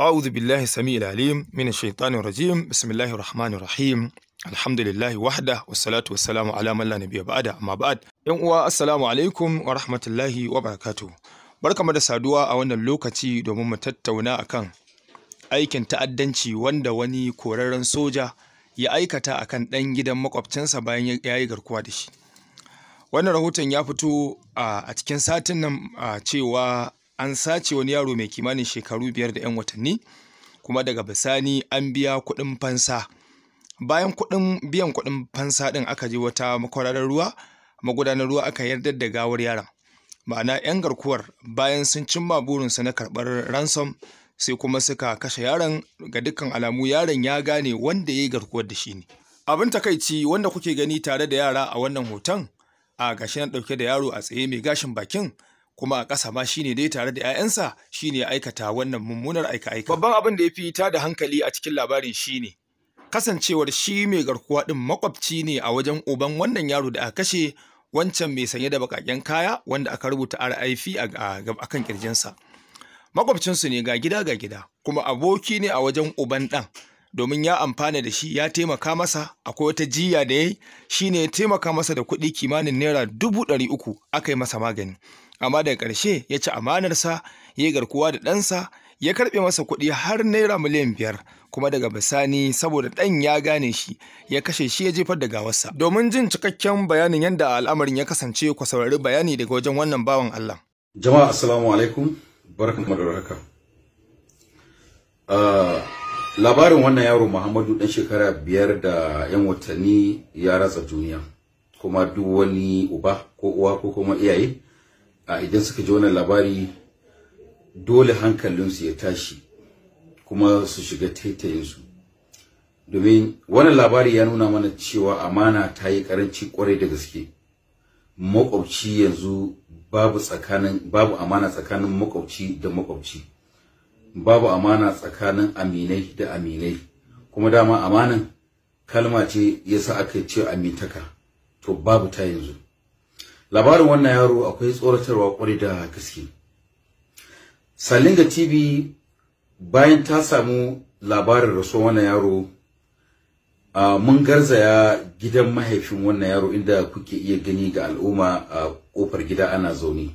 أعوذ بالله السميع العليم من الشيطان الرجيم بسم الله الرحمن الرحيم الحمد لله وحده والصلاة والسلام على من لا نبي ‘Yan uwa assalamu alaikum wa rahmatullahi wa barakatu barkamu da saduwa a wannan lokaci domin mu tattauna akan aikin ta'addanci wanda wani korarren soja ya aikata akan ɗan gidan makwabcinsa bayan ya yi garkuwa da shi wannan rahoton ya fito a cikin satin nan cewa an sace wani yaro mai kimanin shekaru biyar da 'yan watanni kuma daga bisani an biya kuɗin fansa bayan kuɗin biyan kuɗin fansa ɗin aka je wata makwararar ruwa magudanar ruwa aka yarda da gawar yaran, ma'ana 'yan garkuwar bayan sun cimma burinsa na karɓar ransom sai kuma suka kashe yaron ga dukkan alamu yaron ya gane wanda ya yi garkuwar da shi ne abin takaici wanda kuke gani tare da yara a wannan hoton a gashi na ɗauke da yaro a tsaye mai gashin bakin kuma a ƙasa ma shine dai tare da 'ya'yansa shine aikata wannan mummunar aika-aika. Babban abin da ya fi ta da hankali a cikin labarin shine kasancewar shi mai garkuwa ɗin makwabci ne a wajen uban wannan yaro da aka kashe wancan mai sanye da bakaken kaya wanda aka rubuta RIF a kan kirjinsa. Makwabcinsu ne ga gida ga gida kuma aboki ne a wajen uban ɗan. domin ya amfana da shi ya taimaka masa akwai wata jiya da ya yi ya taimaka masa da kuɗi kimanin naira dubu ɗari uku aka yi masa magani amma daga ƙarshe ya ci amanarsa ya yi garkuwa da ɗansa ya karɓe masa kuɗi har naira miliyan biyar kuma daga bisani saboda ɗan ya gane shi ya kashe shi ya jefar da gawarsa domin jin cikakken bayanin yadda al'amarin ya kasance ku saurari bayani daga wajen wannan bawan Allah jama'a assalamu alaikum barkan da haka ah, labarin wannan yaro Muhammadu dan shekara biyar da yan watanni ya ratsa duniya kuma duk wani uba ko uwa ko kuma iyaye a idan suka ji wannan labari dole hankalinsu ya tashi kuma su shiga taitayinsu domin wannan labari ya nuna mana cewa amana ta yi karanci kwarai da gaske makwabci yanzu babu tsakanin babu amana tsakanin makwabci da makwabci babu amana tsakanin aminai da aminai kuma dama amanan kalma ce yasa aka ce amintaka to babu ta yanzu labarin wannan yaro akwai tsoratarwa kwarai da gaske salinga tv bayan ta samu labarin raso wannan yaro mun garzaya gidan mahaifin wannan yaro inda kuke iya gani ga al'umma a kofar gida ana zaune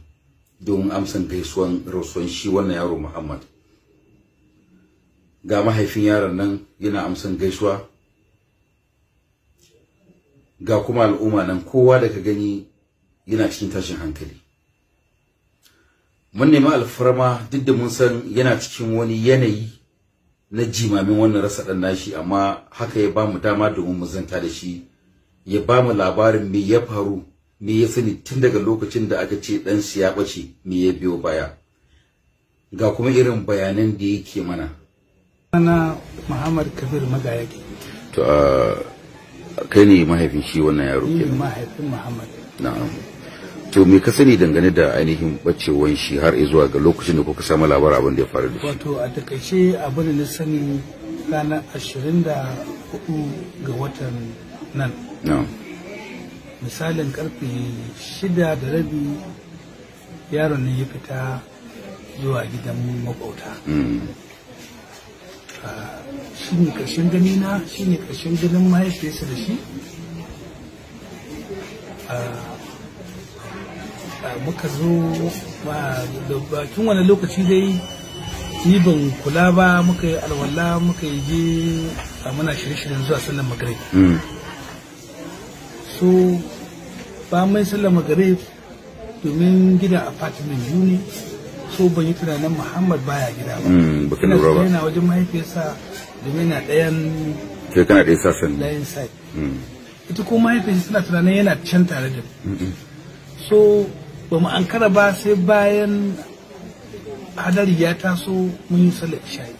don amsan gaisuwan rasuwan shi wannan yaro muhammad ga mahaifin yaron nan yana amsan gaisuwa ga kuma al'umma nan kowa da ka gani yana cikin tashin hankali mun nemi alfarma duk da mun san yana cikin wani yanayi na jimamin wannan rasa ɗan nashi amma haka ya bamu dama domin mu zanta da shi ya bamu labarin me ya faru me ya sani tun daga lokacin da aka ce dan shi ya ɓace me ya biyo baya ga kuma irin bayanan da yake mana ana Muhammad Kabir Magayaki to a kai ne mahaifin shi wannan yaro kenan mahaifin Muhammad na'am to me ka sani dangane da ainihin bacewan shi har zuwa ga lokacin da kuka samu labarin abin da ya faru da shi wato a takaice abin da na sani ranar ashirin da hudu ga watan nan misalin karfe shida da rabi yaron ne ya fita zuwa gidan makwauta mm. ah, shi ne ƙarshen na shi ne ƙarshen ganin mahaifiyarsa da shi ah, muka zo da bakin wani lokaci dai ni ban kula ba muka yi alwala muka yi je muna shirye-shiryen zuwa sallar magarib hmm. so ba mai sallar magarib domin gida a biyu yuni so ban yi tunanin muhammad baya gida ba hmm, ina so yana wajen mahaifiyarsa domin yana ɗayan ke kana ɗaya sassan ɗayan side hmm. ita ko mahaifiyarsa suna tunanin yana can tare da so ba mu an kara ba sai bayan hadari ya taso mun yi sallar isha'i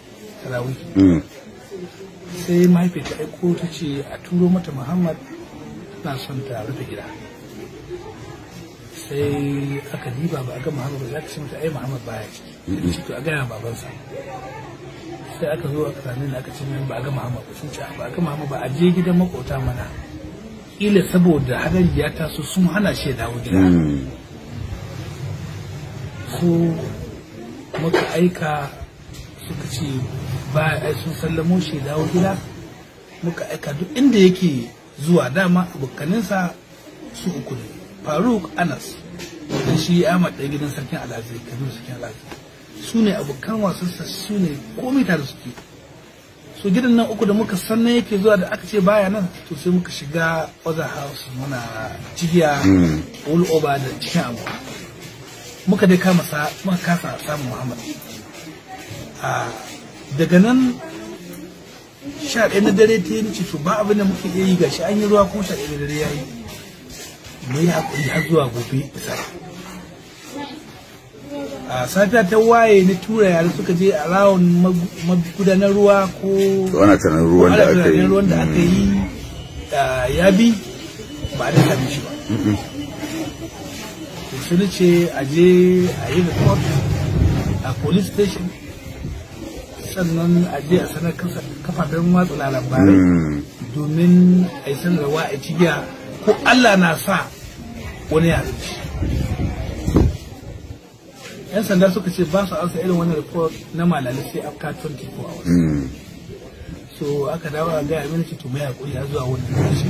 tarawih mm. sai mahaifiyar ta aiko ta ce a turo mata muhammad na son ta rufe gida sai aka diba ba a ga muhammad ba za ka ce mata ai muhammad baya ciki ci to a gaya babansa sai aka zo aka sami na aka ce min ba a ga muhammad ba sun ce ba a ga muhammad ba a je gidan makota mana ila saboda hadari ya taso sun hana shi ya dawo gida mm. ko muka aika suka ce ba sun sallamo shi dawo gida muka aika duk inda yake zuwa dama abokaninsa su uku ne faruk anas da shi ya ɗan gidan sarkin alazai kamar sarkin alazai su ne abokan wasansa su ne komai tare suke so gidan nan uku da muka sannan yake zuwa da aka ce baya nan to sai muka shiga other house muna jigiya hmm. all over da cikin abuwa muka dai kama sa muka kasa samun muhammad a ah, daga nan sha ɗaya na dare ta yi to ba abin da muke iya yi gashi an yi ruwa kuma sha ɗaya na dare ya yi mu yi haƙuri har zuwa gobe isa a ah, safiya ta waye na tura yare suka je a rawon magudanar ruwa ko wani ruwan da aka yi mm. ah, ya bi ba da kamishi shi ba sun ce a je a yi report a police station sannan a je a sanar kafafen watsa labarai hmm. domin a yi sanarwa a cigiya ko Allah na sa wani ya yan sanda suka ce ba su ansa irin wani report na malali sai after 24 hours hmm. so aka dawo a gaya mini to mai hakuri a zuwa wani lokaci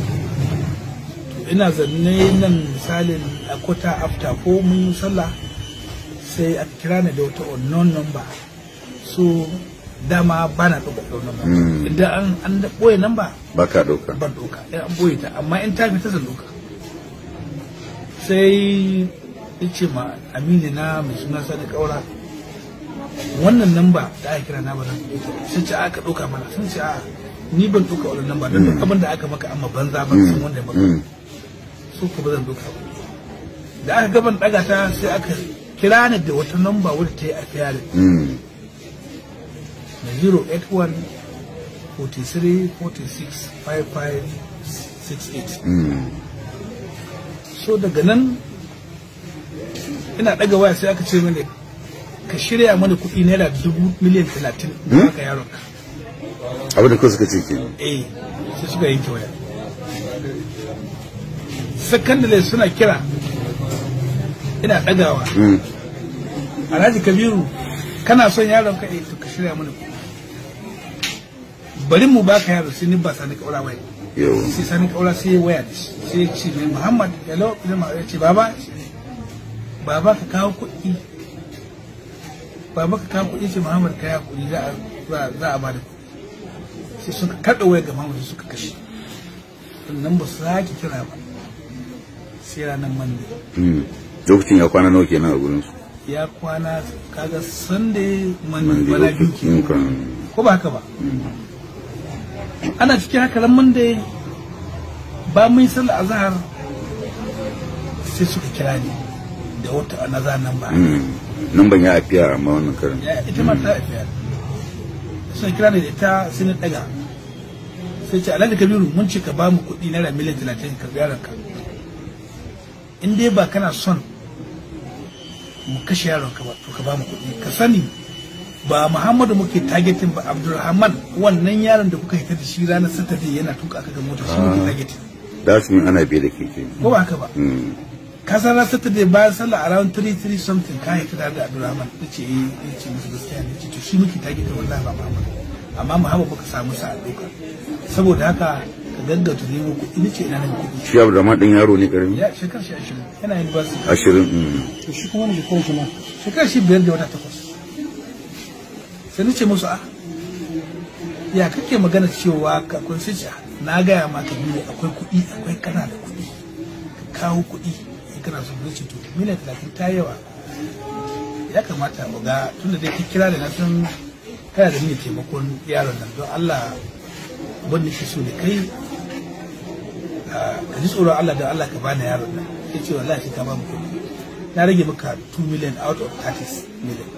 ina zanne nan misalin a kota after ko mun sallah sai a kira ni da wata unknown number so dama bana na ɗauka ɗau number hmm. idan an an ɓoye number ba ka ɗauka ba ɗauka in eh, an ɓoye ta amma in ta fita zan ɗauka sai ya ce ma amini na mai suna Sani ƙaura wannan namba da aka kira na ba nan sai ce aka ɗauka mana sun ce a ni ban ɗauka wannan namba don hmm. abin da aka maka amma banza ba hmm. sun wanda ya maka su kuma zan duka da aka gaban daga ta sai aka kira ni da wata namba wadda ta yi a fiyari hmm. na 081 43 46 55 68 so daga nan ina daga waya sai aka ce mini ka shirya mana kuɗi naira dubu miliyan talatin da hmm? aka yaron ka abin da kuka suka ce ke eh sai suka yanke waya secondary suna kira ina ɗagawa hmm. alhaji kabiru kana son yaron ka eh, to ka shirya mana bari mu baka yaro sai ni ba sani kaura waya sai sani kaura sai ya waya sai ya ce mai muhammad hello kuma ya ce baba baba ka kawo kuɗi baba ka kawo kuɗi ce muhammad ka ya kuɗi za a za a bada sai suka kaɗa waya ga muhammad suka kashe sannan ba su sake kira ba sera nan man ne hmm. lokacin ya kwana nawa kenan a gurin su ya kwana kaga sunday man bala biyu ke ko ba haka ba hmm. ana cikin haka ran monday ba mun sallar azhar sai suka kira ni da wata naza nan ba nan ban ya afiya amma wannan karin ita ma hmm. ta afiya sun kira ni da ita sai daga sai ce alhaji kabiru mun ce ka ba mu kuɗi naira miliyan talatin ka biya ranka in dai ba kana son mu kashe yaron ka ba to ka ba mu kuɗi ka sani ba muhammadu muke targeting ba abdulrahman wannan yaron da kuka hita da shi ranar saturday yana tuka ka ga mota shi muke ah, targetin dashin ana bi da keke ko ba ka ba hmm. ka san ranar saturday bayan sallah around 33 something ka hita da abdulrahman ta eh ce musu gaskiya ne ce to shi muke targeting wallahi ba muhammadu amma muhammadu baka samu sa'a doka saboda haka ka gaggauta zai muku ina ce ina nan kuɗi shi abu da ma ɗan yaro ne ƙarami ya shekar shi ashirin yana yin basu ashirin mm. to shi kuma wani shekaru shi ma shekar shi biyar da wata takwas sai ni ce musu a ah, ya kake magana cewa ka kun sai ce na gaya ma ka biyu akwai kuɗi akwai kana da kuɗi ka kawo kuɗi in kana son zai ce to miliyan talatin ta yawa ya kamata mu ga tunda dai kira da na san kana da ni taimakon yaron nan don Allah abin da ke so ne kai ka ji tsoron Allah don Allah ka bani yaron nan ya ce wallahi shi ka ba mu kuɗi na rage maka 2 million out of 30 million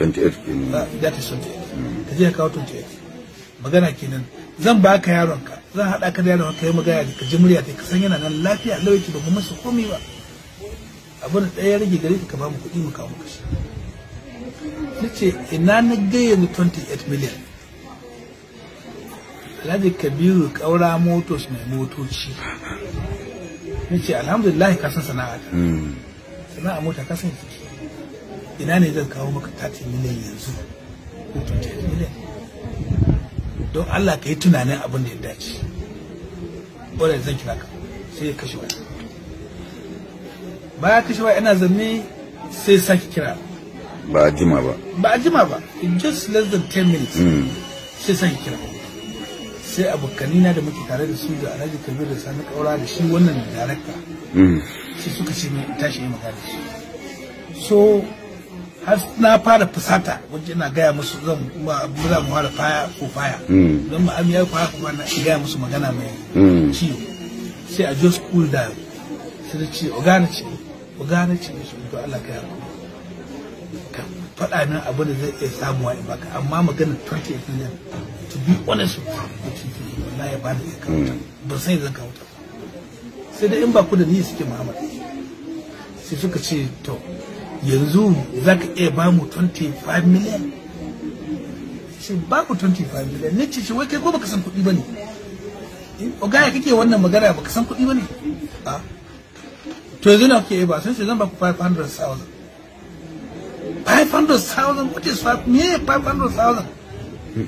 28 kenan that is 28 ka je ka kawo 28 magana kenan zan ba ka yaron ka zan haɗa ka da yaron ka yi magana ka ji murya ka san yana nan lafiya lauki ba mu masa komai ba abin da ya rage gare ka ba mu kuɗi mu kawo maka shi ina na gaya mu 28 million alhaji kabiru kaura motos mai motoci Ni ce alhamdulillah ka san sana'a ta hmm. sana'a mota ka san ki ina ne zan kawo maka tati miliyan yanzu ko miliyan don Allah ka yi tunanin abin da ya dace wadda zan kira ka sai ya kashe ba baya kashe wani ina zanne sai sake kira ba a jima ba ba a jima ba in just less than 10 minutes hmm. sai sake kira sai abokanina da muke tare da su da alhaji kabir da sani kaura da shi wannan darakta mm. shi suka ce mai tashi yi magana da so har na fara fusata wajen ina gaya musu zan ba za mu fara faya ko faya don ba amiya yayi faya kuma na gaya musu magana mai mm. ciwo sai a jo school da sai da ce ogana ce ogana ce musu to Allah ka yarda faɗa nan abin da zai iya samuwa in baka amma maganar 28 million to be honest wallahi ya bani ya ba sai zan sai dai in ba ku ni suke muhammad sai suka ce to yanzu zaka iya ba mu 25 million ba ku 25 million ne ce shi wai kai ko baka san kuɗi ba ne eh, kake wannan magana baka san kuɗi ba ne to yanzu na ba sai zan ba ku 500,000 500,000 what is 5 me 500,000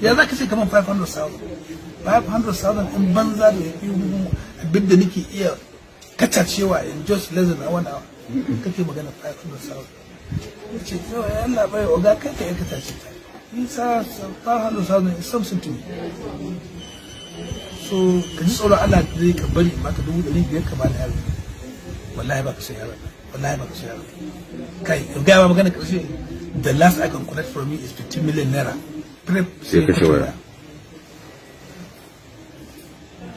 ya za ka ce kamar 500,000 500,000 in banza da ya fi abin da nake iya kaca kacacewa in just less than one hour kake magana 500,000 ce yawa ya labai oga kai ka yan katace ta isa 500,000 is something to me so ka ji tsoron Allah da zai ka bari ma ka dubu ɗari biyar ka ba da yaro wallahi ba ka sai yaro wallahi ba ka sai yaro kai ga ba magana karshe the last i can collect from you is 15 million naira sai kashe waya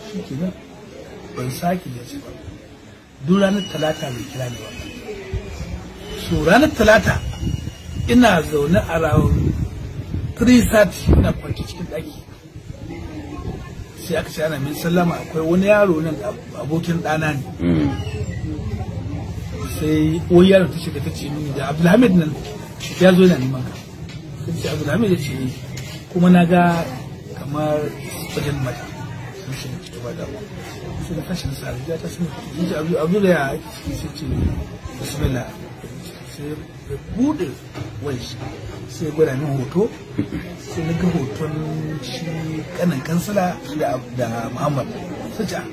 shi ke nan ba duk ranar talata mai kira ne ba so ranar talata ina zaune a rawun 3:30 ina kwanci cikin ɗaki sai aka ce ana min sallama akwai wani yaro nan abokin ɗana ne hmm. sai uwar yaro ta shiga ta ce mini da abdulhamid nan ya zo yana neman ka sai abdulhamid ya ce kuma na ga kamar wajen mata sun shi ki ta bada ba sai da kashin sa ya ta sun sun ce abu abu da ya ake sai ce bismillah sai ya bude wai sai gwada min hoto sai na ga hoton shi kanan kansila da da muhammad sai ce ah,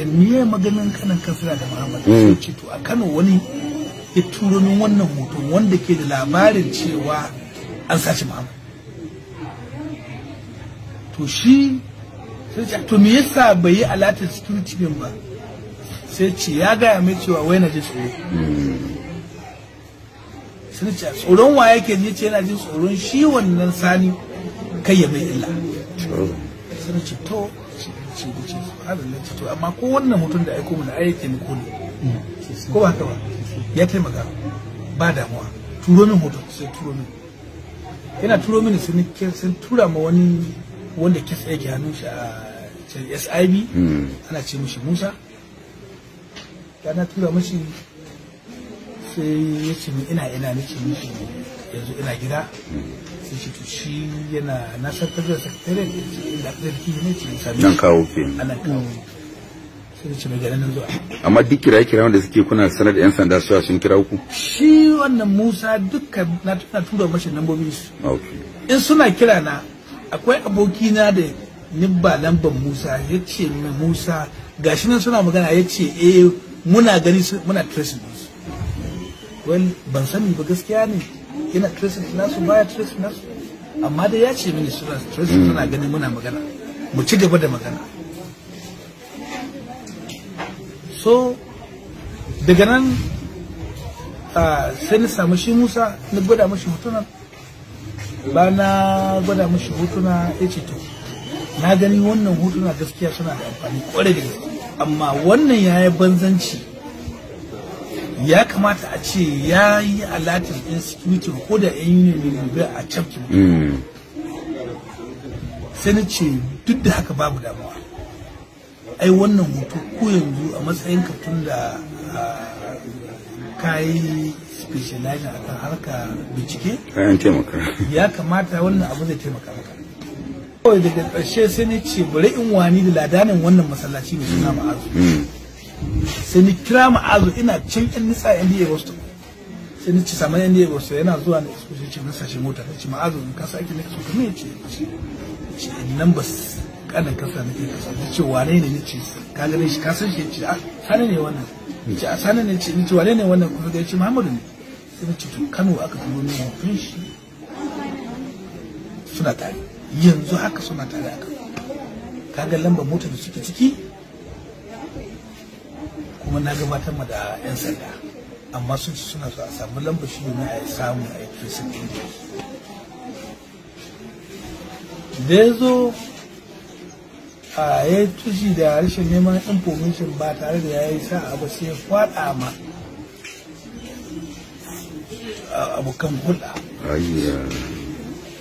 eh, miye maganin kanan kansila da muhammad hmm. sai ce to a kano wani ya turo min wannan hoton wanda ke da labarin cewa an sace muhammad to shi sai ce to me yasa bai yi alata security din ba sai ce ya gaya mai cewa wai na ji tsoro sai ce tsoron wa yake ji ce yana jin tsoron shi wannan sani kai ya mai illa sai ce to ce da ce subhanallah ce to amma ko wannan mutum da aiko mun ai yake ko ne ko ba ta ba ya taimaka ba damuwa turo min hoton sai turo min yana turo mini sun tura ma wani wanda kes yake hannun shi a SIB hmm. ana ce mishi Musa na tura mashi sai ya ce min ina ina nake mishi yanzu ina gida hmm. sai shi to shi yana na sarfar da sakatare da ce inda zarki ne ce sami nan kawo ke ana kawo sai ce mai ganin zuwa amma duk kira kira wanda suke kuna sanar da yan sanda su sun kira ku shi wannan Musa dukkan na tura mashi lambobin su in suna kira na akwai abokina da nibba lamban musa ya ce mai musa gashi nan suna magana ya ce eh muna gani muna tracing su wani ban sani ba gaskiya ne yana tracing nasu baya tracing nasu amma da ya ce mini suna tracing suna gani muna magana mu ci gaba da magana so daga nan ah, sai na samu shi musa na gwada mashi hotunan ba na gwada mashi hotuna ya ce to na gani wannan hotuna gaskiya suna da amfani kwarai da gaske amma wannan ya yi banzanci ya kamata a ce ya yi alatin in security ko da yan yi ne a cafki hmm. sai na ce duk da haka babu damuwa ai wannan hoto ko yanzu a matsayin ka da ah, kayi specializing a kan harka bincike ya kamata wannan abu zai taimaka maka kawai daga ƙarshe sai ni ce bari in wani da ladanin wannan masallaci mai suna ma'azu hmm. sai ni kira ma'azu ina can yan nisa yan diya wasu sai ni ce saman yan diya wasu yana zuwa na isko ce na sashe mota na ce ma'azu in kasa ake na kaso kamar ya ce ce nan ba kanan kasa na ke kasa na ce wane ne ni ce ka gane shi kasan shi ya ce a ah, sanar ne wannan ce a ah, sanar ne ce ni ce wane ne wannan kuma ya ce muhammadu ne sai ce tun kano aka turo min hoton shi suna tare yanzu haka suna tare aka kano kaga lambar mota da suke ciki kuma na gabatar ma da yan sanda amma sun ci suna so a samu lambar shi ne a samu a yi tracing din da ya zo a ya tushi da rashin neman information ba tare da ya yi sa'a ba sai ya fada ma abokan hulɗa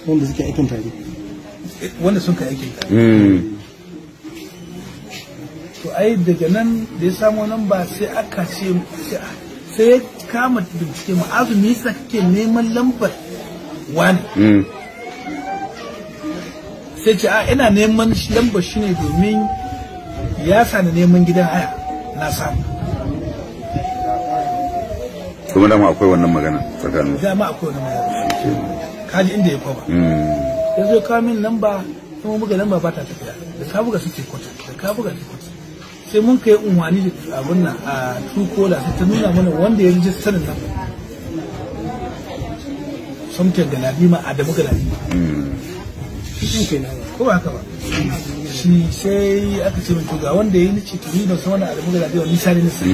wanda suke aikin tare eh, wanda sun ka aikin tare hmm. to ai daga nan da ya samo nan ba sai aka ce sai ya kama bincike mu azumi sa kake neman lambar wani hmm. sai ce a ina neman lambar shi ne domin ya sani neman gidan haya na samu kuma dama akwai wannan magana tsakanin dama akwai wannan magana kaji inda ya hmm. ya yanzu ka min namba kuma buga namba ba ta tafiya da ka buga suke kwata da ka buga suke kwata sai mun kai unwani da abin nan a tukola sai ta nuna mana wanda ya rijista sanin nan samtin nadima ma da galabi ma hmm. shi ke nan ko ba haka ba shi sai aka ce min to ga wanda ya yi ni ce to ni sama san a adamu galabi ba ni sani ni sani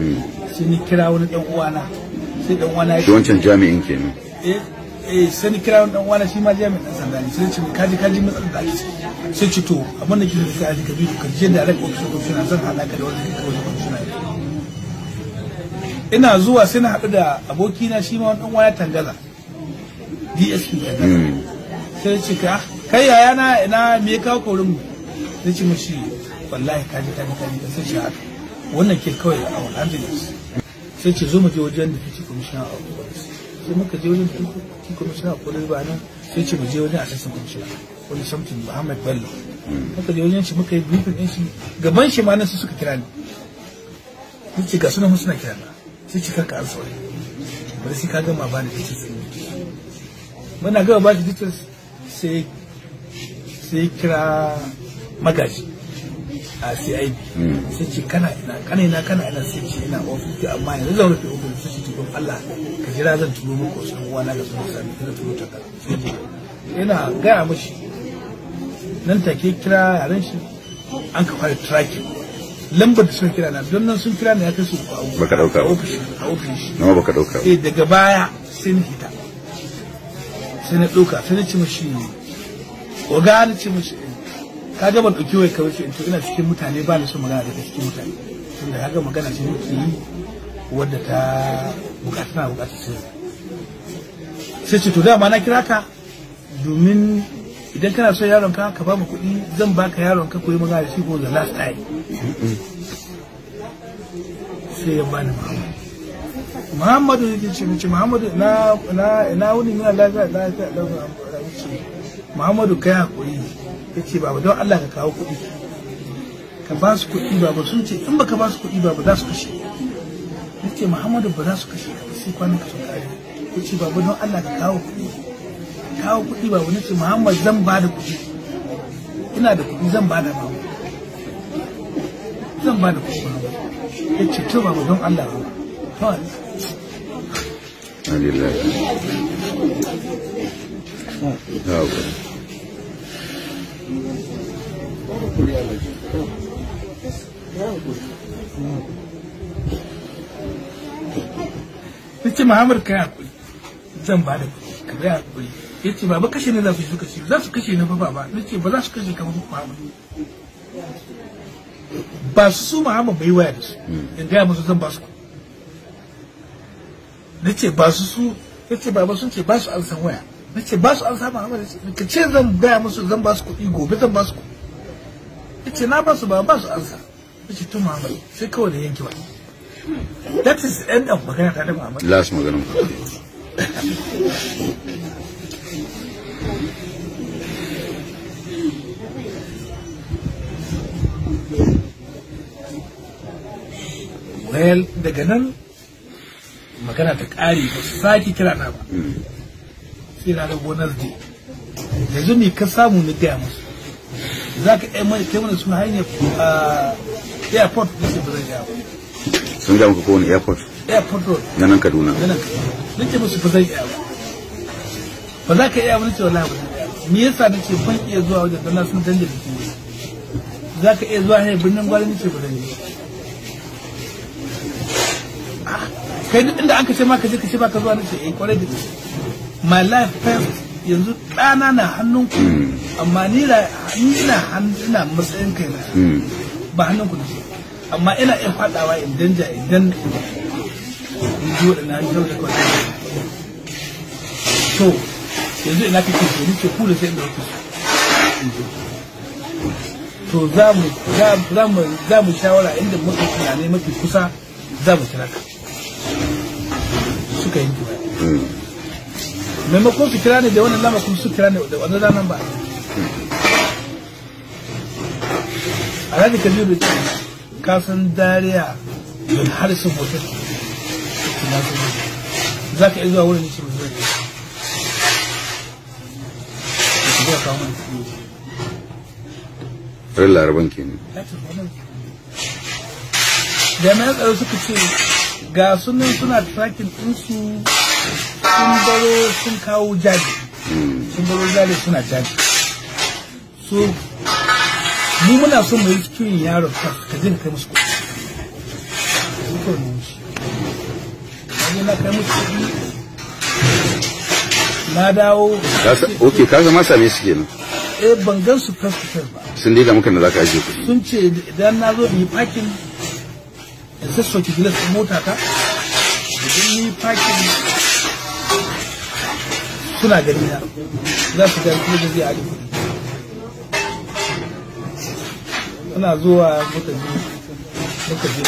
hmm. sai ni kira wani dan uwana sai dan uwana shi wancan jami'in kenan eh eh sai ni kira wani dan uwana shi ma jami'in dan sanda ne sai ce kaji kaji mu da ki sai ci to abin da kike sai aji ka bi ka je da rake ko ko suna zan hada ka da wani kai wani suna ina zuwa sai na haɗu da abokina shi ma wani dan uwana tangaza DSP hmm. sai ce ka kai yaya na ina me ka korin mu sai ce mishi wallahi kaji kaji ji sai shi haka wannan ke kawai a alhamdulillah sai ce zo mu je wajen da kake commissioner a police sai muka je wajen da kake commissioner a police ba nan sai ce mu je wajen assistant commissioner wani something Muhammad Bello muka je wajen shi muka yi briefing din shi gaban shi ma nan su suka kira ni sai ce ga sunan na kira na sai ce karka ansa wani bari sai ka gama ba ni details muna gama ba shi sai sai kira magaji a CIB sai ce kana ina kana ina kana ina sai ce ina ofis amma yanzu zan rufe ofis sai ce don Allah ka jira zan turo muku wasu uwa na ga sun sami ina turo ta ka ina gaya mishi nan take kira yaran shi an ka fara tracking lambar da suka kira na don nan sun kira na ya kai su a baka dauka a ofis nawa baka dauka eh daga baya sai ni hita sai na dauka sai na ci mishi oga na ci mishi ka ban dauki wai kawai in to ina cikin mutane ba ni so magana daga cikin mutane da kaga magana ce nake yi wadda ta bukata na bukata ce sai ce to dama na kira ka domin idan kana so yaron ka ka ba mu kuɗi zan baka yaron ka koyi magana da shi ko the last time sai ya bani Muhammad Muhammadu yake ce mace Muhammadu na na na wuni ina lafiya lafiya lafiya Muhammadu kai hakuri ya ce baba don Allah ka kawo kuɗi ka ba su kuɗi baba sun ce in baka ba su kuɗi baba za su kashe ya ce Muhammadu ba za su kashe ka sai kwana ka sun kare ya ce baba don Allah ka kawo kuɗi kawo kuɗi baba na ce Muhammad zan ba da kuɗi ina da kuɗi zan ba da baba zan ba da kuɗi baba ya ce to baba don Allah ba baba Alhamdulillah. Oh. ta ce mahamar kai hakuri zan ba da kuɗi ka ga hakuri ya ce baba kashe ne za su suka ce za su kashe ne ba baba na ce ba za su kashe kamar mahamar ba su su mahamar bai waya da su hmm. in gaya musu zan ba su na ce ba su su ya ce baba sun ce ba su an san waya na ce ba su an san mahamar ka ce zan gaya musu zan ba su kuɗi gobe zan ba su kuɗi ce na ba su ba ba su ansa ce to Muhammad sai kawai da yanki ba that is end of magana ta da Muhammad last magana well daga nan magana ta kari ba su sake kira na ba hmm. sai na da bonus day yanzu ne ka samu na gaya musu za ka yi mai kai mana suna hanyar ah, airport da su ja muku kowane airport airport road na kaduna na kaduna nake musu ba za ka iya me yasa dan danje da za ka iya zuwa hanyar birnin ah, kai duk inda aka ce ma ka je ka ce ba ka zuwa nace eh kwarai da my life first yanzu ɗana na hannun ku hmm. amma ni na ina matsayin kai na hmm. ba hannun ku ne amma ina iya faɗawa in danja idan in ji waɗanda an jawo da kawai to yanzu ina kake so ni ce kula sai inda kuke su to za mu shawara inda muka tunani mafi kusa za mu kira ka suka yi tuwa maimakon su kira ne da wannan lamba kuma su kira ne da wannan ranar ba alhaji kabiru ce kasan dariya don har su hotel za ka iya zuwa wurin ce mai zai laraban ke ne jami'an tsaro suka ce ga sunan suna tracking ɗinsu sun baro sun kawo jaji sun baro jaji suna jaji so mu muna so mu yi cikin yaron ka ka ka kai musu kuɗi na kai musu kuɗi na dawo ok ka zama same su kenan eh ban gan su ba sun dai da muka da zaka ajiye kuɗi sun ce idan na zo in yi sassoki gilas mota ta parking suna gani na za su ga kuma da zai aji ana zuwa muka je muka je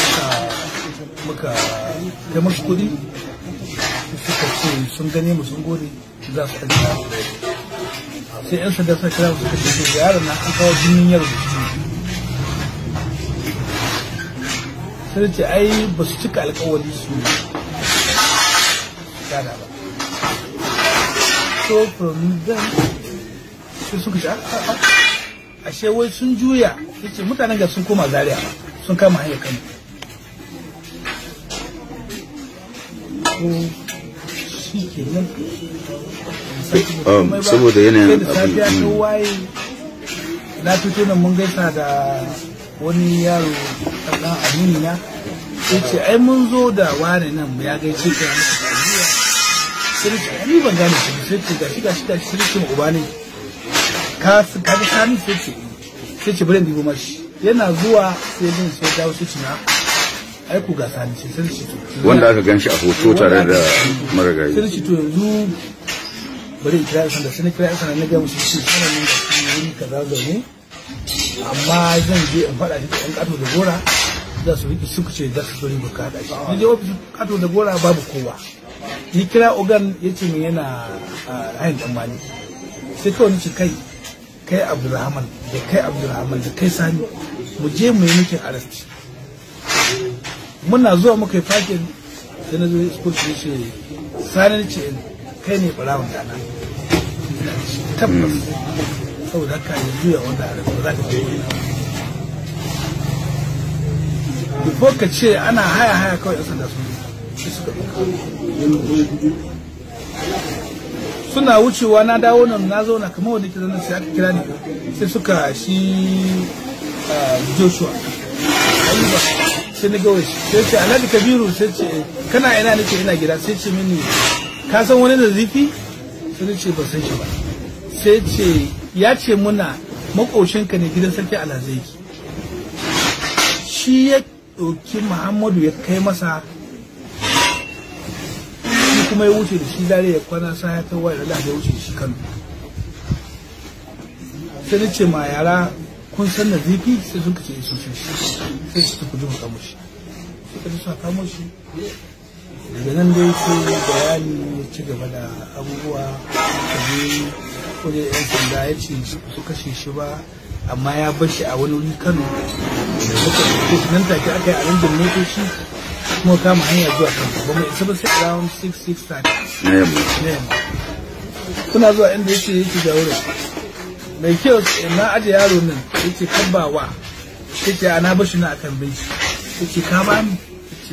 muka da musu kuɗi suka ce sun gane mu sun gode za su aji sai yan sanda suka kira suka ce ga yaron na an kawo jinin yaro sai ce ai ba su cika alƙawari su yada ba so suka ce ashe wai sun juya yace mutanen ga sun koma zaria sun kama hanyar um, saboda yanayin abin mm. na fito nan mun gaisa da wani yaro ɗan amini na ya ce ai mun zo da wani nan ya gaishe ka sai ce ni ban gane shi sai ce gashi gashi gashi sai ce uba ne ka ka ga sani sai ce sai ce bari dibo mashi yana zuwa sai din sai dawo sai ce na ai ku ga sani sai sai ce wanda aka ganshi a hoto tare da marigayi sai ce to yanzu bari in kira sanda sai na kira sanda na ga musu shi kana nan da shi wuri kaza zaune amma zan je in faɗa shi da ɗan ƙato da gora za su riƙe suka ce za su so riba kaɗa shi. Ni je ofis ƙato da gora babu kowa. ya kira ogan ya ce min yana hayan dan mali sai kawai nace kai kai abdulrahman da kai abdulrahman da kai sani mu je mu yi miki arasti muna zuwa muka yi fakin da na zo school ne ce sani ce kai ne da na tabbas saboda haka yanzu zuwa wanda arrest ba za ka je yi ko ka ce ana haya haya kawai yan sanda sun suna wucewa na dawo nan na zauna kamar wanda ke zaune sai aka kira ne sai suka shi joshua ayuba sai na gawai sai ce alhaji kabiru sai ce kana ina nake ina gida sai ce mini ka san wani da zifi sai na ce ba san shi ba sai ce ya ce muna makoshinka ne gidan sarki alhazaiki shi ya ɗauki muhammadu ya kai masa kuma ya wuce da shi zare ya kwana sa ya kai da ya wuce da shi kano sai na ce ma yara kun san na zifi sai sun kace su san shi sai su tafi jin kamo shi suka ji suka kamo shi daga nan dai sai bayani ya ci gaba da abubuwa ta je ya yan sanda ya ce su kashe shi ba amma ya bar shi a wani wuri kano da suka nan take aka yi a nan motoci kuma kama hanya zuwa kan ba mu isa ba sai around 6 6 na yamma kuna zuwa inda yake yake jawo mai kyau na aje yaro nan yake kabbawa yake ana bashi na akan benci yake ka ni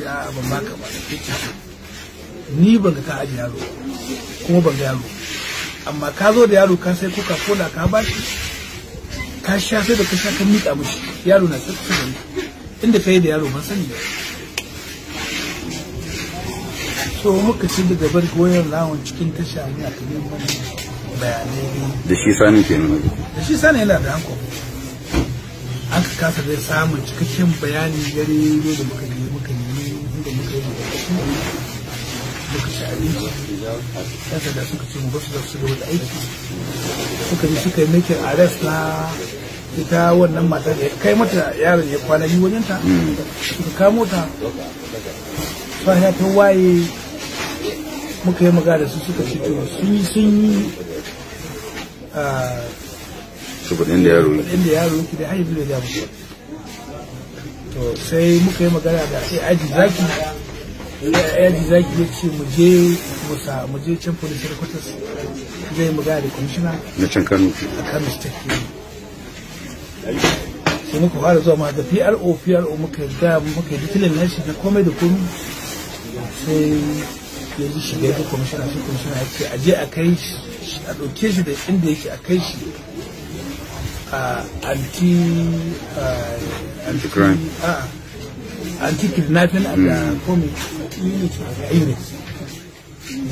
yake a ban baka ba yake ni ban ga ka aje yaro kuma ban ga yaro amma ka zo da yaro ka sai kuka kola ka ba shi ka sha sai da ka sha ka miƙa mishi yaro na tsakiyar inda ka yi da yaro ban sani ba so muka ci gabar goyon lawon cikin tasha ne a kan mana bayanai da shi sani ke nuna da shi sani yana da hanko an ka kasa dai samun cikakken bayani gare ne da muka nemi muka nemi inda muka yi da muka ci abinci yasa da suka ce mu basu da su da aiki suka yi suka yi making arrest na ita wannan matar da kai mata yaron ya kwana yi wajen ta hmm. suka kamo ta ta waye muka yi magana su suka ce to sun yi sun yi shugabannin da yaro shugabannin da yaro ki da haihu da jamus to sai muka yi magana da sai aji zaki aji zaki ya ce mu je musa mu je can police headquarters zai magana da commissioner na can kano a kano state sai muka fara zuwa ma da PRO PRO muka yi da muka yi dikilin nashi da komai da komai sai ya ji shiga da kwamishina shi kwamishina ya ce aje a kai shi a ɗauke shi da inda yake a kai shi a anti anti anti kidnapping a da komi unit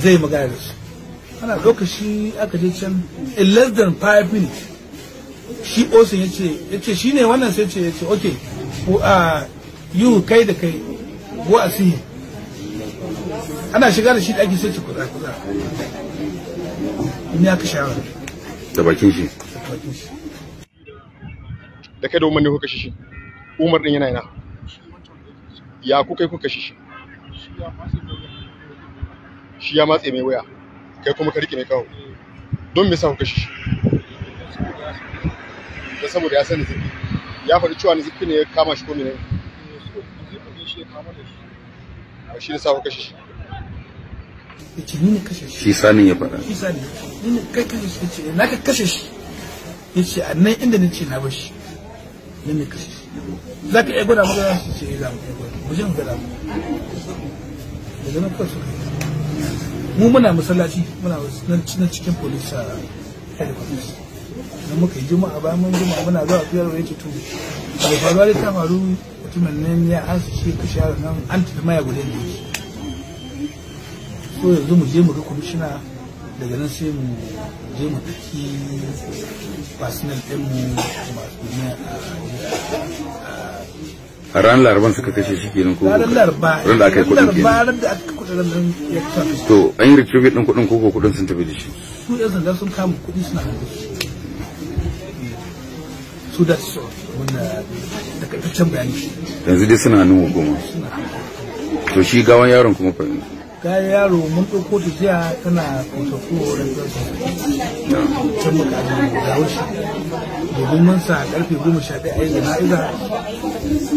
zai magana da shi. ana lokaci aka je can in less than five minutes shi osin ya ce ya ce shi ne wannan sai ce ya ce ok uh, yi kai da kai go a see ana shiga da shi da ake soci kuza kuza in ya ka shawara da bakin shi da kai da umar ne kuka shi umar din yana yana ya kuka yi kuka shi shi ya matse mai waya kai kuma ka rike mai kawo don me sa kuka shi da saboda ya sani zirgi ya faɗi cewa zirgi ne ya kama shi ko ne shi ne sa kuka shi yace kashe shi shi ya faɗa shi sanin ni kai kashe shi yace na ka kashe shi yace a nan inda nace na bar shi ni shi za ka iya gwada mu gwada ce eh, za mu iya gwada daga nan mu muna na cikin police uh, a juma'a bayan mun juma'a muna zuwa da faruwa ta faru mutumin nan ya shi an tafi maya gudun so yanzu mu je mu ga kwamishina daga nan sai mu je mu ɗauki ɗin mu masu ne a ran laraban suka kashe shi ke nan ko ran laraba da aka yi kudin ke ran da aka kuɗin nan ya tafi to an yi retrieve ɗin kudin koko kudin sun tafi da shi su yan zanga sun kama kuɗi suna hannu su da su wanda da takaitaccen bayani yanzu dai suna hannun hukuma to shi gawan yaron kuma fahimta ta yaro mun ɗauko ta jiya tana kotoko da ta mukami da haushi domin mun sa karfe goma sha ɗaya ayi jana'iza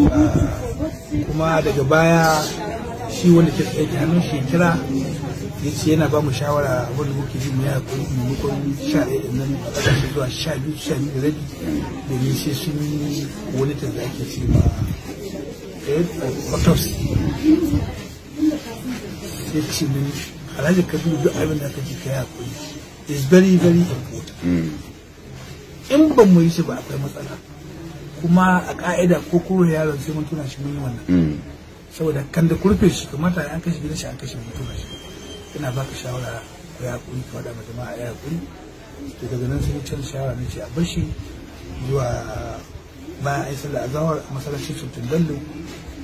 ah, kuma daga baya shi wanda ke tsaye hannun shi kira ya ce yana ba mu shawara wanda muke yi mu yaya kuma maimakon sha ɗaya da nan a ƙasashe zuwa sha biyu sha biyu da rabi domin sai sun yi wani da ake ce ma eh, autopsy sai ce mini alhaji kabiru duk abin da ka ji ka yi hakuri is very very important hmm. in ban mu yi shi ba akwai matsala kuma a ka'ida ko kuro yaron sai mun tuna shi mun yi wannan hmm. saboda kan da kurfe shi kamata an kashe gidan shi an kashe mun tuna shi ina baka shawara ku ya hakuri ka faɗa ma jama'a ya hakuri to daga nan sai can shawara ne ce a bar shi zuwa bayan an yi salla azawar a masallacin sultan dallo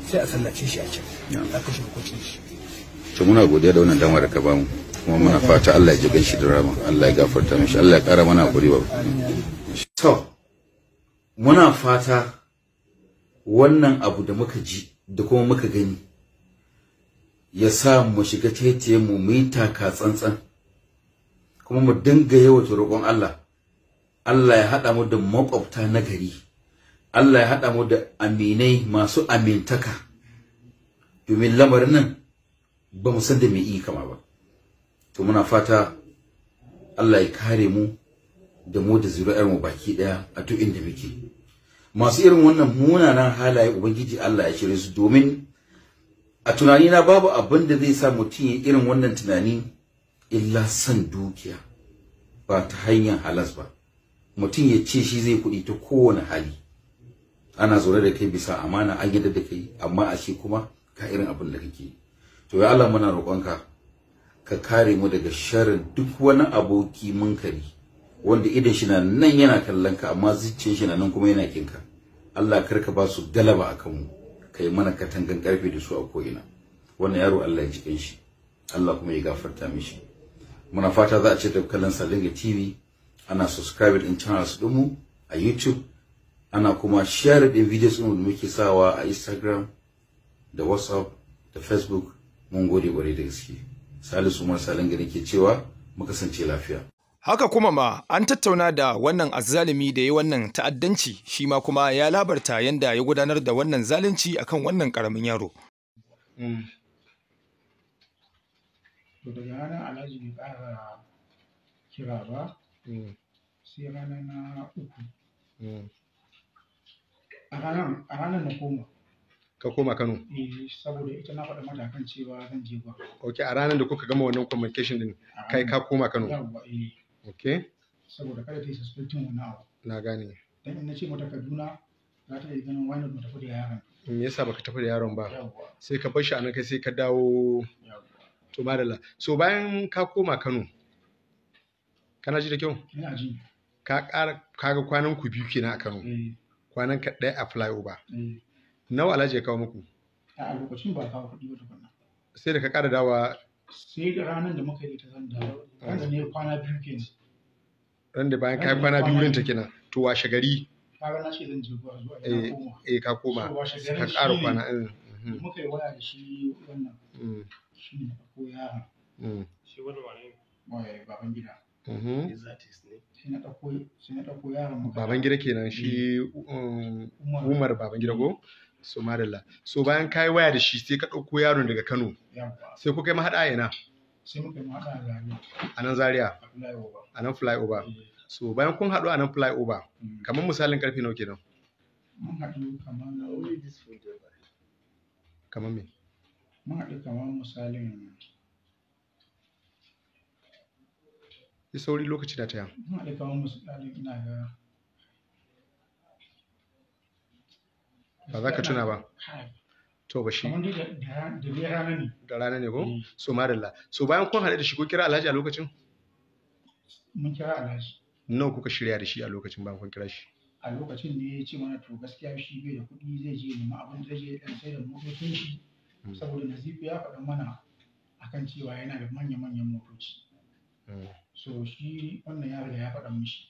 sai a sallace shi a can a kashe hukuncin shi to muna godiya da wannan damar da ka bamu kuma muna fata Allah ya ji ganshi da rama Allah ya gafarta mishi Allah ya kara mana hakuri ba to muna fata wannan abu da muka ji da kuma muka gani ya sa mu shiga taitaye mu mu yi taka tsantsan kuma mu dinga yawata roƙon Allah Allah ya haɗa mu da makwabta na gari Allah ya haɗa mu da aminai masu amintaka domin lamarin nan ba mu san da me yi kama ba to muna fata Allah ya kare mu da mu da zuri'ar mu baki daya a duk inda muke masu irin wannan munanan halaye ubangiji Allah ya shirye su domin a tunani na babu abin da zai sa mutum ya irin wannan tunani illa san dukiya ba ta hanyar halas ba mutum ya ce shi zai kuɗi ta kowane hali ana zaune da kai bisa amana an gida da kai amma a shi kuma ka irin abin da kake yi to ya Allah muna roƙonka ka kare mu daga sharrin duk wani aboki munkari wanda idan shi na nan yana kallon ka amma zuciyar shi na nan kuma yana kinka Allah kar ka ba su galaba akan mu kai mana katangan karfe da su a ko'ina wannan yaro Allah ya ji shi Allah kuma ya gafarta mishi muna fata za a ce da kallon Salinga TV ana subscribe din channels mu a YouTube ana kuma share din videos din da muke sawa a Instagram da WhatsApp da Facebook mun gode kwarai da gaske salisu umar salin gari ke cewa mu kasance lafiya haka kuma ma an tattauna da wannan azzalimi da ya wannan ta'addanci shi ma kuma ya labarta yanda ya gudanar da wannan zalunci akan wannan karamin yaro mm. to daga ranar alhaji bai ƙara kira ba mm. sai na uku mm. a ranar na koma ka koma Kano eh, saboda ita na faɗa mata kan cewa zan je ba ok a ranar da kuka gama wannan communication din kai ka koma Kano eh. ok saboda kada ta yi suspecting wani abu na gane dan in na ce mata Kaduna za ta yi ganin wani mu tafi da yaron me yasa baka tafi da yaron ba sai ka bar shi nan kai sai ka dawo to madalla so bayan ka koma Kano kana ji da kyau ina ji ka ƙara kaga kwanan ku biyu kenan a Kano eh. kwanan ka ɗaya a flyover nawa alhaji ya kawo muku a lokacin ba kawo kuɗi ba tukunna sai da ka ƙara dawa sai da ranar da muka yi ta zan da ranar ne kwana biyu kenan ran da bayan kayan kwana biyu ta kenan to washe gari kaga na ce zan je zuwa zuwa eh, eh ka koma ka ƙara kwana mm-hmm. muka yi waya da shi wannan mm. shi ne ko yaron mm. shi wani wani wane eh, baban gida mm-hmm. Baban gida kenan shi um, Umar baban gida ko? Eh. so madalla so bayan kai waya da shi sai ka ɗauko yaron daga Kano sai kuka yi mahaɗa ina sai muka yi mahaɗa a nan Zaria a nan flyover so bayan kun haɗu a nan flyover mm. kamar misalin karfe nawa kenan mun haɗu kamar na only this flyover kamar me mun haɗu kamar misalin ya sauri lokaci da ta yi. mun haɗu kamar misalin ina ga ba za ka tuna ba to ba shi da rana ne ko eh. so marilla so bayan kun haɗu da shi ko kira alhaji a lokacin mun kira alhaji nawa kuka shirya da shi a lokacin bayan kun kira shi a lokacin ne ya ce mana to gaskiya shi bai da kuɗi zai je ma abin da zai dan sai da motocin shi hmm. saboda nazifu ya faɗa mana akan cewa yana da manya-manyan motoci hmm. so shi wannan yaro da ya faɗa mishi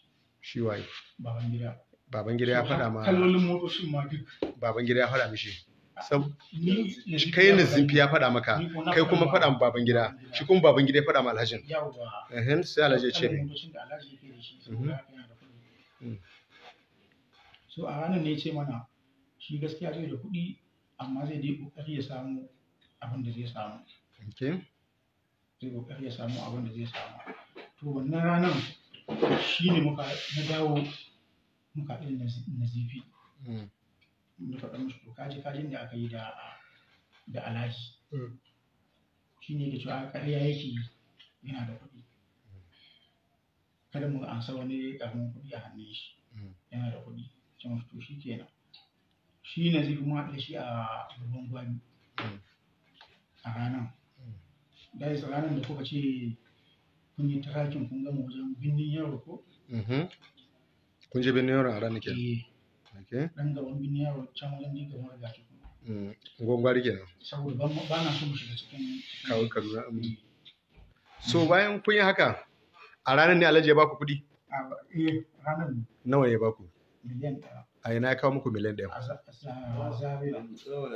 shi waye baban gida baban gida ya faɗa ma kalolin motocin ma duk baban gida ya faɗa mishi kai ne zimfi ya faɗa maka kai kuma faɗa ma baban gida shi kuma baban gida ya faɗa ma alhajin ehem sai alhaji ce ne mhm. mm. so a ranar ne ce mana shi gaskiya zai da kuɗi amma zai dai kokari ya samu abin da zai samu zai kokari ya samu abin da zai samu to wannan ranar shi ne muka na dawo muka haɗu na zifi na hmm. ɗan musu to kaji kajin da aka yi da da alhaji hmm. shi ne ke cewa ƙarya yake yana da kuɗi kada mu ansa wani ƙaramin kuɗi a hannun shi hmm. yana da kuɗi ce musu to shi kenan shi na zifi mu haɗu shi a babban gwani a ranar da ranar da kuka ce kun yi tarakin kun gama wajen birnin yaro ko mm-hmm. kun je birnin eh. yaro okay dan can wajen mm, saboda ba na so mu shiga cikin kawo kaduna mm. eh. so bayan kun yi haka a ranar ne alhaji ya baku kuɗi eh, ranar nawa ya baku miliyan ɗaya a ya kawo muku miliyan ɗaya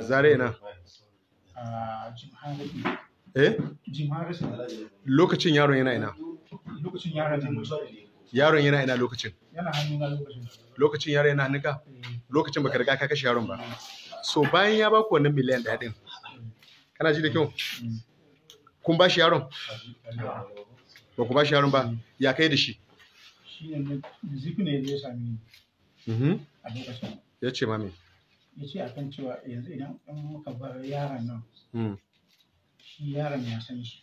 zare na eh lokacin yaron yana ina lokacin yaron yaron yana ina lokacin yana lokacin lokacin yaron yana hannuka eh. lokacin baka riga ka kashe yaron ba so bayan ya baku wannan miliyan daya din kana ji da kyau mm. kun ba shi yaron ba ku ba shi yaron ba mm. ya kai da shi mm-hmm. ya ce mami ya ce akan cewa yanzu idan muka bar yaron nan mm. shi yaron ya san shi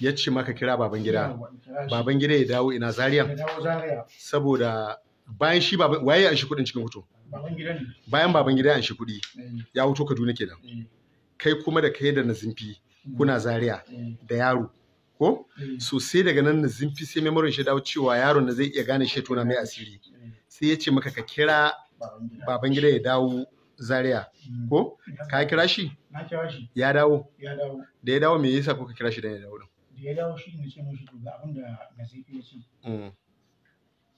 ya ce maka kira baban gida baban gida ya dawo ina Zaria? saboda bayan shi baban waye ya shi kudin cikin hoto bayan baban gida ya shi kudi eh. ya hoto kaduna kenan eh. kai kuma da kai da nazimfi hmm. kuna zariya eh. da yaro ko so sai daga nan nazimfi sai memorin shi dawo cewa yaron na zai iya gane shi tona mai asiri sai ya ce maka ka kira baban gida ya dawo zaria hmm. ko ka kira shi ya dawo da ya dawo me yasa kuka kira shi da ya dawo ya dawo shi ne ce mushi to abin da nazifi ya ce mm.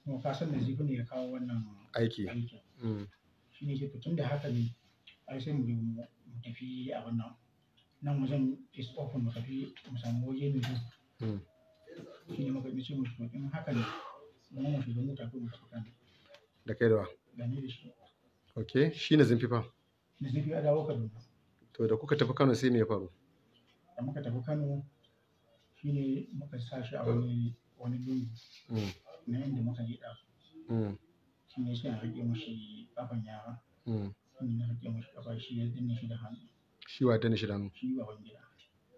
kuma ka san nazifi ne ya kawo wannan aiki mm. shi ne ce to tun da haka ne ai sai mu tafi a wannan nan mu zan is open mu tafi mu samu waje ne mm. shi ne muka ce mushi to in haka ne mu mu shiga mota ko mu tafi kan da kai da wa da ni da shi okay shi nazifi fa nazifi ya dawo kaduna to da kuka tafi Kano sai me ya faru da muka tafi Kano shi ne muka sa shi a wani wani mm. na yadda muka yi ɗazu mm. shi ne sai a rike mashi ƙafan yara mm. shi na rike mashi ƙafa shi ya danne shi da hannu shi wa danne shi da hannu shi baban gida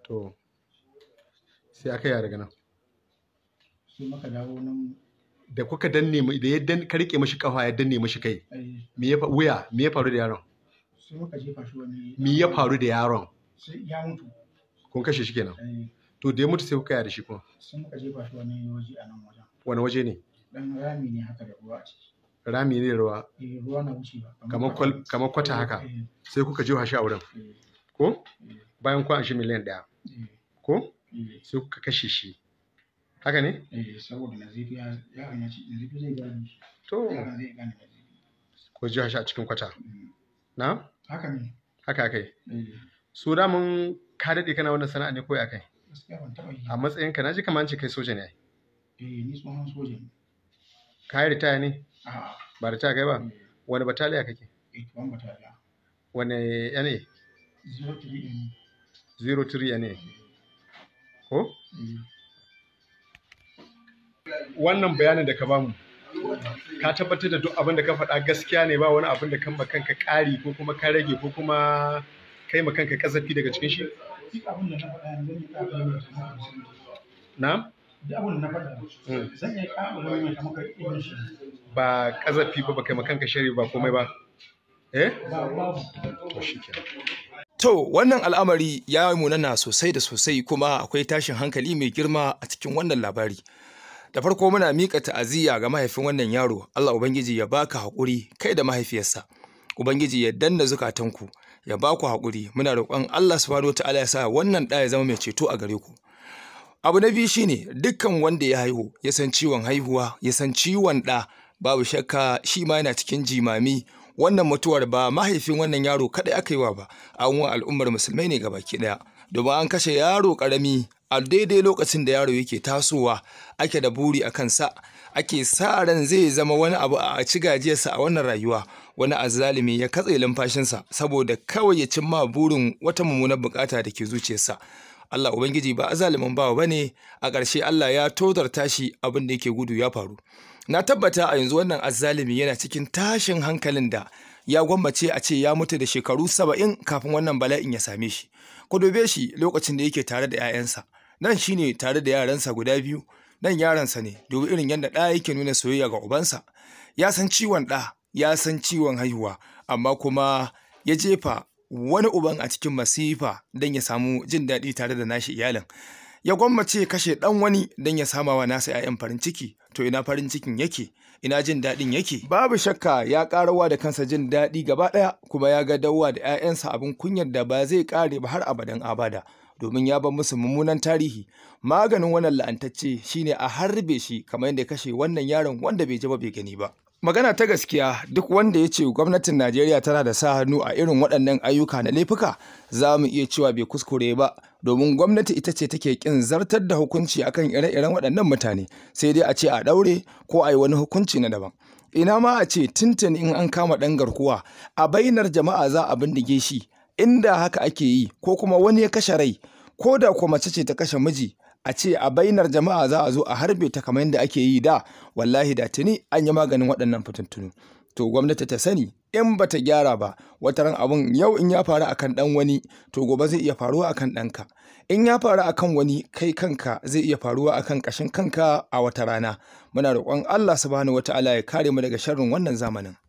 to sai aka yi daga nan sai muka dawo nan da kuka danne da yadda ka rike mashi kafa ya danne mashi kai eh. me ya wuya me ya faru da yaron sai muka jefa shi wani me ya faru da yaron sai ya mutu kun kashe shi kenan eh. to dai mutu sai kuka yada shi kuma sun muka jefa shi wani waje a nan wajen wani waje ne dan rami ne haka da ruwa a ciki rami ne ruwa eh ruwa na wucewa kamar kamar kwata haka eh, eh. sai kuka jefa shi a wurin eh. ko bayan ku an shi miliyan ɗaya ko sai kuka kashe shi haka ne eh saboda nazifi ya ya ce nazifi zai gane shi to zai gane ko jefa shi a cikin kwata mm. na haka ne haka kai su da mun ka daɗe kana wannan sana'a ne ko ya kai a matsayin ka naji kamar ce kai soja ne eh ni tsohon soja ne kai ritaya ne ba ritaya kai ba eh. wani bataliya kake eh bataliya wani ya ne 03 ya ne ko eh. wannan bayanin da ka bamu ka tabbatar da duk abin da ka faɗa gaskiya ne ba wani abin da kan kanka ƙari ko kuma ka rage ko kuma kai ma kanka ƙazafi daga cikin shi duk abin da na faɗa yanzu ne ka ga mutum na duk abin da na faɗa hmm. zan iya ƙara wani mai maka irin shi ba ƙazafi ba ba kai makanka shari ba komai ba eh to shikenan To wannan al'amari ya munana sosai da sosai kuma akwai tashin hankali mai girma a cikin wannan labari. Da farko muna miƙa ta'aziyya ga mahaifin wannan yaro, Allah Ubangiji ya baka haƙuri kai da mahaifiyarsa, Ubangiji ya danna zukatanku, ya ba ku haƙuri muna roƙon Allah subhanahu ta'ala ya sa wannan ɗa ya zama mai ceto a gare ku abu na biyu shine dukkan wanda ya haihu ya san ciwon haihuwa ya san ciwon ɗa babu shakka shi ma yana cikin jimami wannan mutuwar ba mahaifin wannan yaro kaɗai aka yi wa ba an wa al'ummar musulmai ne gabaki ɗaya domin an kashe yaro ƙarami a daidai lokacin da yaro yake tasowa ake da buri a kansa ake sa ran zai zama wani abu a ci gajiyarsa a wannan rayuwa wani azzalumi ya katse lumfashinsa saboda kawai ya cimma burin wata mummunar bukata da ke zuciyarsa Allah ubangiji ba azalimin bawa ne. a ƙarshe Allah ya tozarta shi abin da yake gudu ya faru na tabbata a yanzu wannan azzalumi yana cikin tashin hankalin da ya gwammace a ce ya mutu da shekaru saba'in kafin wannan bala'in ya same shi ku dube shi lokacin da yake tare da 'ya'yansa nan shine tare da yaransa guda biyu dan yaransa ne dubi irin yadda ɗa yake nuna soyayya ga ubansa ya san ciwon ɗa ya san ciwon haihuwa amma kuma ya jefa wani uban a cikin masifa don ya samu jin daɗi tare da nashi iyalin ya gwammace kashe ɗan wani don ya sama wa nasa 'ya'yan farin ciki to ina farin cikin yake ina jin daɗin yake babu shakka ya ƙarawa da kansa jin daɗi gaba ɗaya kuma ya ga dawa da 'ya'yansa abin kunyar da ba zai ƙare ba har abadan abada domin ya bar musu mummunan tarihi maganin wannan la'antacce shine a harbe shi kamar yadda kashe wannan yaron wanda bai ji ba bai gani ba magana ta gaskiya duk wanda ya ce gwamnatin najeriya tana da sa hannu a irin waɗannan ayyuka na laifuka za mu iya cewa bai kuskure ba domin gwamnati ita ce take kin zartar da hukunci akan ire-iren waɗannan mutane sai dai a ce a ɗaure ko a yi wani hukunci na daban ina ma a ce tintin in an kama ɗan garkuwa a bainar jama'a za a bindige shi inda haka ake yi ko kuma wani ya kashe rai ko da kuma mace ce ta kashe miji a ce a bainar jama'a za a zo a harbe ta kamar yadda ake yi da wallahi da tuni an yi maganin waɗannan fitintunu to gwamnati ta sani in ba ta gyara ba wata ran abun yau in ya faru akan dan wani to gobe zai iya faruwa akan ɗanka in ya faru akan wani kai kanka zai iya faruwa akan ƙashin kanka a wata rana muna roƙon Allah subhanahu wata'ala ya kare mu daga sharrin wannan zamanin